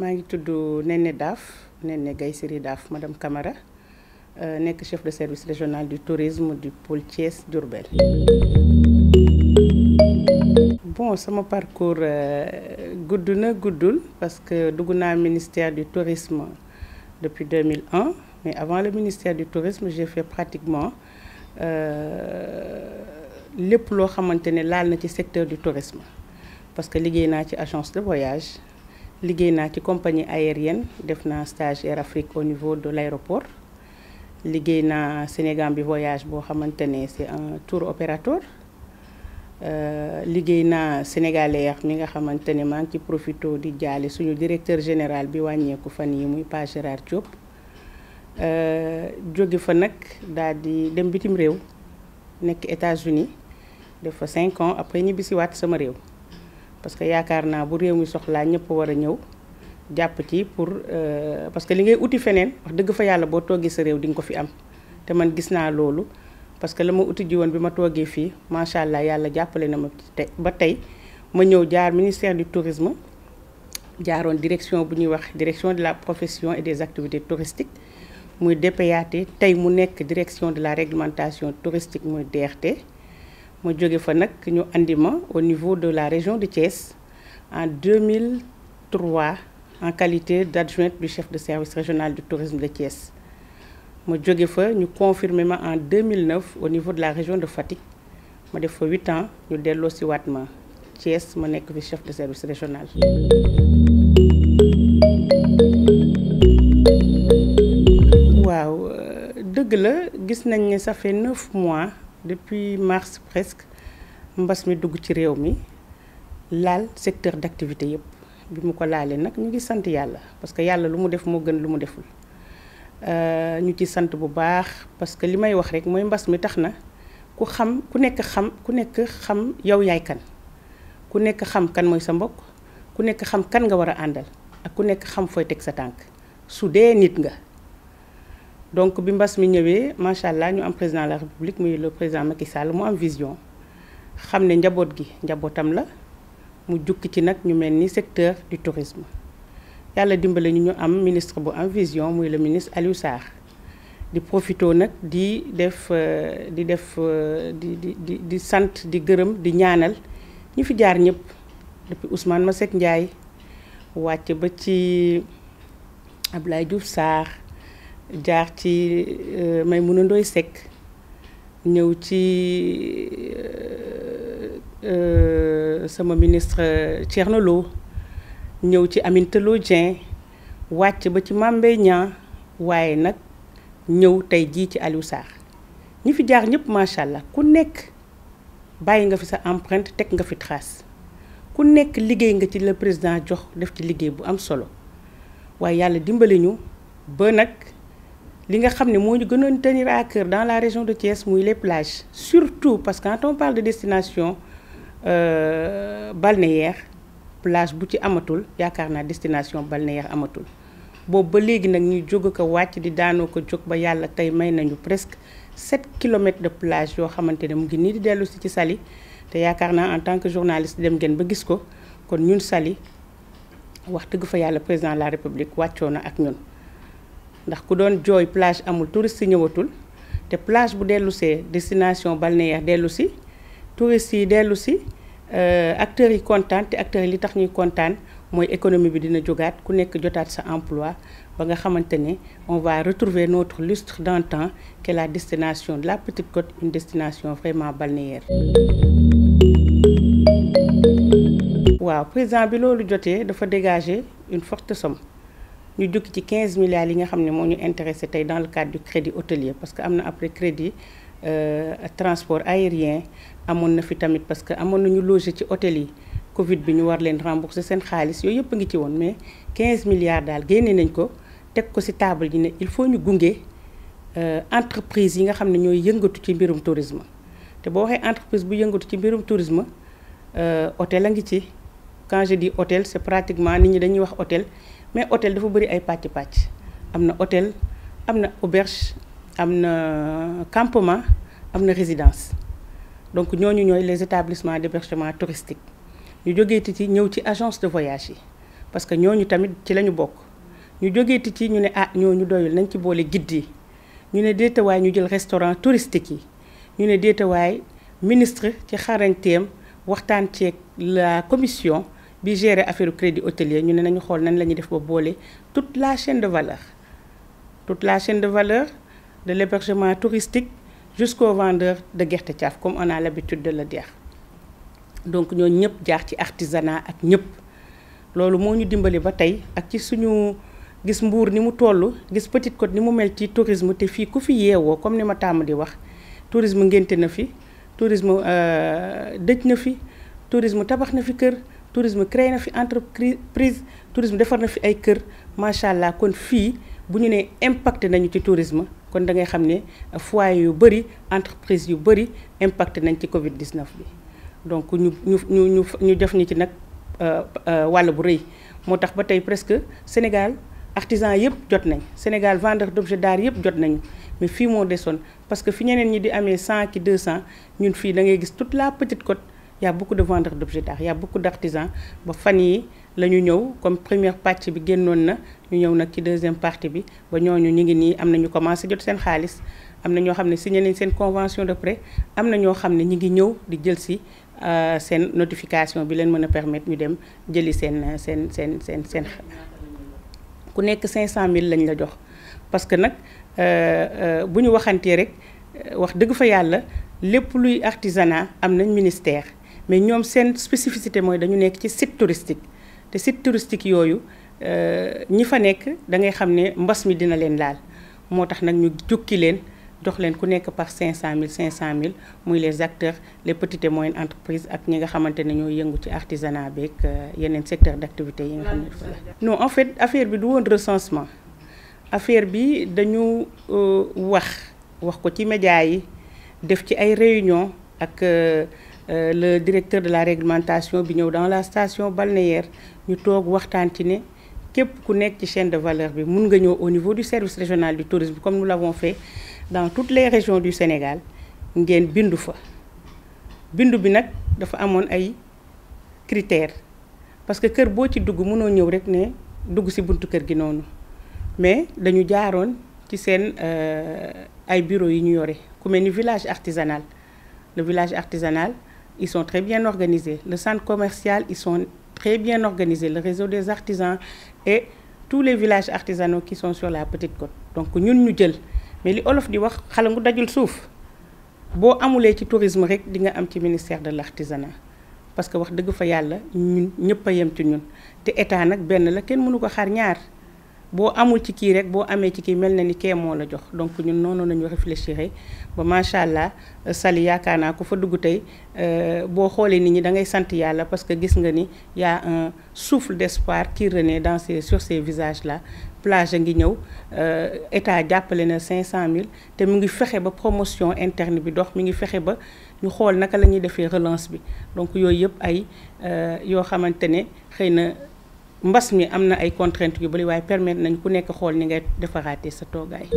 maa ngi tudd Néné Daaf Néné Gaye Siri Daaf madame Camara euh, nekk chef de service régional du tourisme du pôle Thiès Diourbel. bon sama parcours euh, gudd na guddul parce que dugg naa ministère du tourisme depuis 2001 mais avant le ministère du tourisme j'ai fait pratiquement euh, lépp loo xamante ni laal na ci secteur du tourisme parce que liggéey naa ci agence de voyage. liggéey naa ci compagnie aérienne def naa stage Air Afrique au niveau de l'aéroport liggéey naa Sénégal bi voyage boo xamante ne c'est un tour opérateur euh, liggéey naa Sénégalair mi nga xamante ne maa ngi ci profité di jaale suñu directeur général bi wàññeeku fan yi muy Pa Gérard Diop euh, jóge fa nag daal di dem bitim réew nekk États-Unis def fa cinq ans après ñibbisiwaat sama réew parce que yaakaar naa bu réew mi soxlaa ñëpp war a ñëw jàpp ci pour euh, parce que li ngay uti feneen wax dëgg fa yàlla boo toggee sa réew di nga ko fi am te man gis naa loolu parce que la ma uti ji woon bi ma toggee fii macha allah yàlla jàppale na ma te ba tey ma ñëw jaar ministère du tourisme jaaroon direction bu ñuy wax direction de la profession et des activités touristiques muy DPAT tey mu nekk direction de la réglementation touristique muy DRT ma jóge fa nag ñu andi ma au niveau de la région de Thiès en 2003 en qualité d' adjointe du chef de service régional du tourisme de Thiès. ma jóge fa ñu confirmé ma en 2009 au niveau de la région de Fatick ma def fa 8 ans ñu delloo si waat ma Thiès ma nekk fi chef de service régional. waaw euh, dëgg la gis nañ ne ça fait 9 mois. depuis mars presque mbas mi dugg ci réew mi laal secteur d'activité yépp bi mu ko laalee nag ñu ngi sant yàlla parce que yàlla lu mu def moo gën lu mu deful euh, ñu ci sant bu baax parce que li may wax rek mooy mbas mi tax na ku xam ku nekk xam ku nekk xam yow yaay kan ku nekk xam kan mooy sa mbokk ku nekk xam kan nga war a àndal ak ku nekk xam fooy teg sa tànk su dee nit nga donc bi mbas mi ñëwee macha allah ñu am président la république muy le président Macky Sall mu am vision xam ne njaboot gi njabootam la mu jukki ci nag ñu mel ni secteur di tourisme yàlla dimbale ñu ñu am ministre bu am vision muy la ministre Aliou Sarr di profito nag di def euh, di def euh, di di di di sant di gërëm di ñaanal ñu fi jaar ñëpp depuis Ousmane Masseck Ndiaye wàcc ba ci Abdoulaye Diouf Sarr. jaar ci may euh, Maimouna Ndoye Seck ñëw ci euh, euh, sama ministre Thierno Lo ñëw ci Aminata Lo wàcc ba ci Mame Mbaye waaye nag ñëw tey jii ci Aliou Sarr ñi fi jaar ñëpp macha allah ku nekk bàyyi nga fi sa empreinte teg nga fi tras ku nekk liggéey nga ci la président jox def ci liggéey bu am solo waaye yàlla dimbali ñu ba nag. li nga xam ne moo ñu gënoon tenir à cœur dans la région de Thiès muy les plages surtout parce que quand on parle de destination euh, balnéaire plage bu ci amatul yaakaar naa destination balnéaire amatul boobu ba léegi nag ñu jóg ko wàcc di daanoo ko jóg ba yàlla tey may nañu presque 7 kilomètres de plage yoo xamante ne mu ngi nii di dellu si ci sali te yaakaar naa en tant que journaliste dem ngeen ba gis ko kon ñun sali wax dëgg fa yàlla président la république wàccoo na ak ñun. ndax ku doon jooy plage amul touriste yi ñëwatul te plage bu dellu see destination balnéaire dellu si touriste yi dellu si euh, acteurs yi kontaan te acteurs yi li tax ñuy kontaan mooy économie bi dina jógaat ku nekk jotaat sa emploi ba nga xamante ne on va retrouver notre lustre d'antan que la destination la Petite Côte une destination vraiment balnéaire waaw président bi loolu jotee dafa dégager une forte somme ñu jukki ci 15 milliards yi nga xam ne moo ñu intéressé tey dans le cadre du crédit hôtelier parce que am na après crédit euh, transport aérien amoon na fi tamit parce que amoon nañu logé ci hôtel yi Covid bi ñu war leen rembourser seen xaalis yooyu yëpp a ngi ci woon mais 15 milliards daal génne nañ ko teg ko ci table ji ne il faut ñu gunge euh, entreprise yi nga xam ne ñooy yëngatu ci mbirum tourisme te boo waxee entreprise bu yëngatu ci mbirum tourisme euh, hôtel a ngi ci. cangé je dis hôtel c'est pratiquement nit ñi dañuy wax hôtel mais hôtel dafa bëri ay pàcc pàcc am na hôtel am na auberge am na campement am na résidence donc ñooñu ñooy les établissements d'hébergement touristique ñu jógeeti ci ñëw ci agence de voyage yi parce que ñooñu tamit ci la ñu bokk ñu jógeeti ci ñu ne ah ñooñu doyul nañ ci boole guide ñu ne déetawaay ñu jël restaurant touristiques yi ñu ne déetawaay ministre ci xarañteem waxtaan ceeg la commission bi gérer affaire crédit hôtelier ñu ne nañu xool nañ la ñuy def ba boole toute la chaîne de valeur toute la chaîne de valeur de l'hébergement touristique jusqu'au vendeur de gerte caaf comme on a l'habitude de la dire donc ñoo ñëpp jaar ci artisanat ak ñëpp loolu moo ñu dimbali ba tey ak ci suñu gis mbuur ni mu toll gis Petite Côte ni mu mel ci tourisme te fii ku fi yeewoo comme ni ma tàmm di wax tourisme ngénte na fi tourisme euh, dëj na fi tourisme tabax na fi kër tourisme créé na fi entreprise tourisme defar na fi ay kër macha allah kon fii bu ñu nee impacté nañu ci tourisme kon da ngay xam ne foyer yu bëri entreprise yu bëri impacté nañ ci Covid 19 bi. donc ñu ñu ñu ñu ñu def ñu ci nag euh, euh, wàll bu rëy moo tax ba tey presque Sénégal artisan yëpp jot nañ Sénégal vendeur d'objets d'art yëpp jot nañu. mais fii moo desoon parce que fi ñeneen ñi di amee 100 ki 200 ñun fii da gis toute la petite cote y a beaucoup de vendeurs d'objets d'art y a beaucoup d'artisans ba fan yi la ñu ñëw comme première partie bi génnoon na ñu ñëw nag ci deusième partie bi ba ñooñu ñu ngi nii am na ñu commencé jot seen xaalis am na ñoo xam ne signé nañ seen convention de prêt am na ñoo xam ne ñu ngi ñëw di jël si euh, seen notification bi leen mën a permettre ñu dem jëli seen seen seen seen seen ku nekk 500000 lañ la jox parce que nag euh, euh, bu ñu waxantee rek wax dëgg fa yàlla lépp luy artisanat am nañ ministère. mais ñoom seen spécificité mooy dañu nekk ci site touristique te site touristique yooyu euh, ñi fa nekk da ngay xam ne mbas mi dina leen laal moo tax nag ñu jukki leen jox leen ku nekk par 500000 500000 muy les acteurs les petites moyen moyennes ak ñi nga xamante ne ñoo yëngu ci artisanat beeg euh, yeneen secteur d' activité yi nga xam ne non en fait affaire bi du woon recensement affaire bi dañu euh, wax wax ko ci média yi def ci ay réunion ak. Euh, le directeur de la réglementation bi ñëw dans la station balnéaire ñu toog waxtaan ci ne képp ku nekk ci chaîne de valeur bi mun nga ñëw au niveau du service régional du tourisme comme nous l'avons fait dans toutes les régions du Sénégal ngeen bindu fa bindu bi nag dafa amoon ay critères parce que kër boo ci dugg mënoo ñëw rek ne dugg ci buntu kër gi noonu mais dañu jaaroon ci seen euh, ay bureau yi ñu yore ku mel ni village artisanal le village artisanal ils sont très bien organisés. Le centre commercial, ils son très bien organisés. Le réseau des artisans et tous les villages artisanaux qui son sur la petite côte. Donc ñun ñu jël mais li olof di wax xalangu dajul suuf boo amulee ci tourisme rek di nga am ci ministère de l'artisanat parce que wax dëgg fa yàlla ñun ñëpp a yem ci ñun te état nag benn la kenn mënu ko xaar ñaar. boo amul ci kii rek boo amee ci kii mel na ni kee moo la jox donc ñun noonu la ñu réfléchir ba macha allah euh, Sali yaakaar naa ko fa dugg tey euh, boo xoolee nit ñi da ngay sant yàlla parce que gis nga ni y a un souffle d'espoir qui renaît dans ces sur ces visages là. plage a ngi ñëw euh, état jàppale na cinq cent 500000 te mu ngi fexe ba promotion interne bi dox mi ngi fexe ba ñu xool naka la ñuy defee relance bi donc yooyu yëpp ay yoo xamante ne xëy na. mbas mi am na ay contraintes yu bëri waaye permettre nañ ku nekk xool ni ngay defaraate sa toogaay.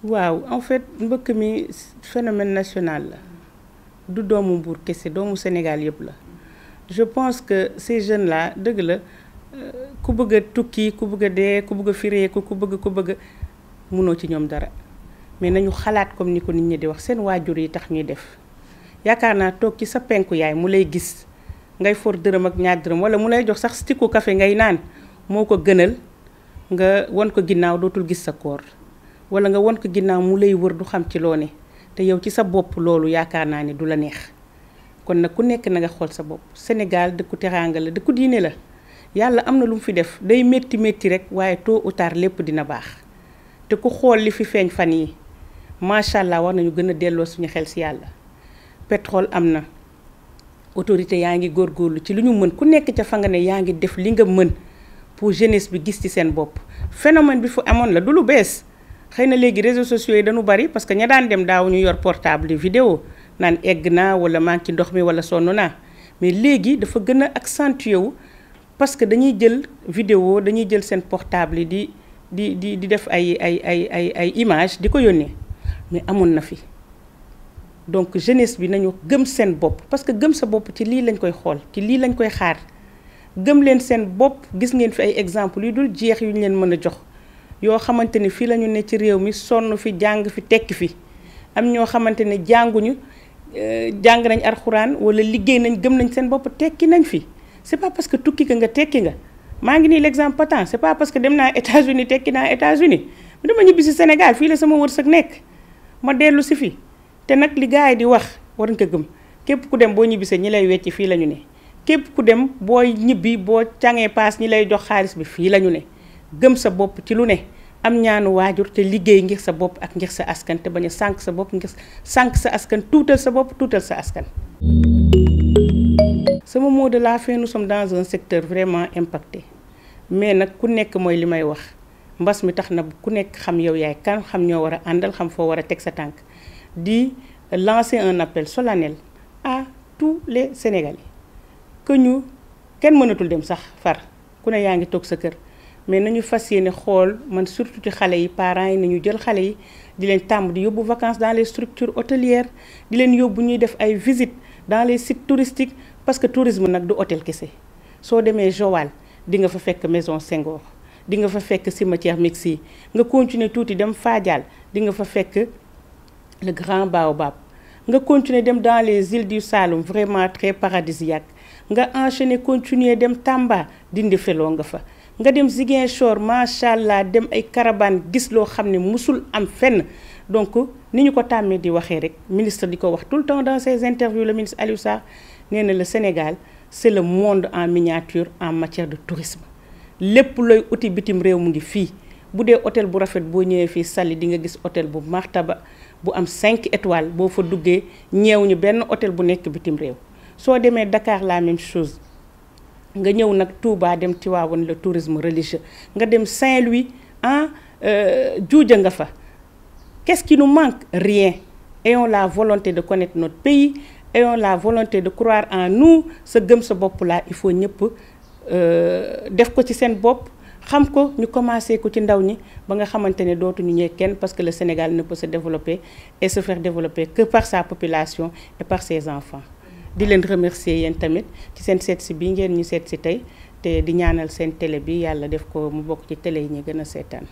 waaw en fait mbëkk mi phénomène nationale la du doomu Mbour kese doomu Sénégal yëpp la je pense que ces jeunes là dëgg la euh, ku bëgg a tukki ku bëgg a dee ku bëgg a fireeku ku bëgg ku bëgg munoo ci ñoom dara mais nañu xalaat comme ni ko nit ñi di wax seen waajur yi tax ñuy def. yaakaar naa toog ci sa penku yaay mu lay gis ngay foor dërëm ak ñaar dërëm wala mu lay jox sax stikku kafe ngay naan moo ko gënal nga won ko ginnaaw dootul gis sa koor wala nga won ko ginnaaw mu lay wër du xam ci loo ne te yow ci sa bopp loolu yaakaar naa ne du la neex kon nag ku nekk na nga xool sa bopp Sénégal dëkku teraanga la dëkku diine la yàlla am na lu mu fi def day métti métti rek waaye tôt ou lépp dina baax te ku xool li fi feeñ fan yi macha allah war nañu gën a delloo suñu xel si yàlla. pétrole am na autorité yaa ngi góor góorlu ci lu ñu mën ku nekk ca fa nga ne yaa ngi def li nga mën pour jeunesse bi gis ci seen bopp phénomène bi fu amoon la du lu bees xëy na léegi réseaux sociaux yi dañu bari parce que ña daan dem daawuñu yor portable vidéo naan egg naa wala maa ngi ci ndox mi wala sonn naa mais léegi dafa gën a accentué wu parce que dañuy jël vidéo dañuy jël seen portable yi di di di di def ay ay ay ay ay image di ko yónnee mais amoon na fi donc jeunesse bi nañu gëm seen bopp parce que gëm sa bopp ci lii lañ koy xool ci lii lañ koy xaar gëm leen seen bopp gis ngeen fi ay exemple yu dul jeex yu ñu leen mën a jox yoo xamante ni fii la ñu ne ci réew mi sonn fi jàng fi tekki fi am ñoo xamante ne jànguñu euh, jàng nañ arxuraan wala liggéey nañ gëm nañ seen bopp tekki nañ fi c'est pas parce que tukki nga nga tekki nga maa ngi nii l'exemple patent c'est pas parce que dem naa États-Unis tekki naa États-Unis dama ñibbi si Sénégal fii la sama wërsëg nekk ma dellu si fi te nag li gars yi di wax war nga gëm képp ku dem boo ñibbisee ñi lay wecc fii la ñu ne képp ku dem booy ñibbi boo cangee paas ñi lay jox xaalis bi fii la ñu ne gëm sa bopp ci lu ne am ñaanu waajur te liggéey ngir sa bopp ak ngir sa askan te bañ a sànq sa bopp ngir sànq sa askan tuutal sa bopp tuutal sa askan. sama mot de la fin nous sommes dans un secteur vraiment impacté mais nag ku nekk mooy li may wax mbas mi tax na ku nekk xam yow yaay kan xam ñoo war a àndal xam foo war a teg sa tànk. di lancer un appel solennel à tous les Sénégalais que ñu kenn mënatul dem sax far ku ne yaa ngi toog sa kër mais na ñu fas yéene xool man surtout ci xale yi parents yi na ñu jël xale yi di leen tàmm di yóbbu vacance dans les structures hôtelières di leen yóbbu ñuy def ay visites dans les sites touristiques parce que tourisme nag du hôtel kese soo demee Joal di nga fa fekk maison Senghor di nga fa fekk cimetière Mixi nga continuer tuuti dem Fadial di nga fa fekk le grand baobab nga continuer dem dans les îles du Saloum vraiment très paradisiaque nga enchaîner continuer dem Tamba dindi feloo nga fa nga dem Ziguinchor macha allah dem ay karabaan gis loo xam ne musul am fenn donc ni ñu ko tàmmee di waxee rek ministre di ko wax tout le temps dans ses interviews le ministre Aliou Sarr nee le Sénégal c'est le monde en miniature en matière de tourisme lépp looy uti bitim réew mu ngi fii bu dee hôtel bu rafet boo ñëwee fii sallie di nga gis hôtel bu martaba bu am cinq étoiles boo fa duggee ñeew ñu benn hôtel bu nekk bitim réew soo demee Dakar la même chose nga ñëw nag Touba dem Tivaouane la tourisme religieux nga dem Saint-Louis ah euh, juuja nga fa qu'est-ce qui manque rien ayons la volonté de connaître notre pays ayons la volonté de croire en nous sa gëm sa bopp laa il faut ñëpp euh, def ko ci seen bopp xam ko ñu commencé ko ci ndaw ñi ba nga xamante ne dootuñu ñee kenn parce que le Sénégal ne peut se développer et se faire développer que par sa population et par ses enfants di leen remercier yéen tamit ci seen seet bi ngeen ñu seet si tey te di ñaanal seen télé bi yàlla def ko mu bokk ci télé yi ñu gën a seetaan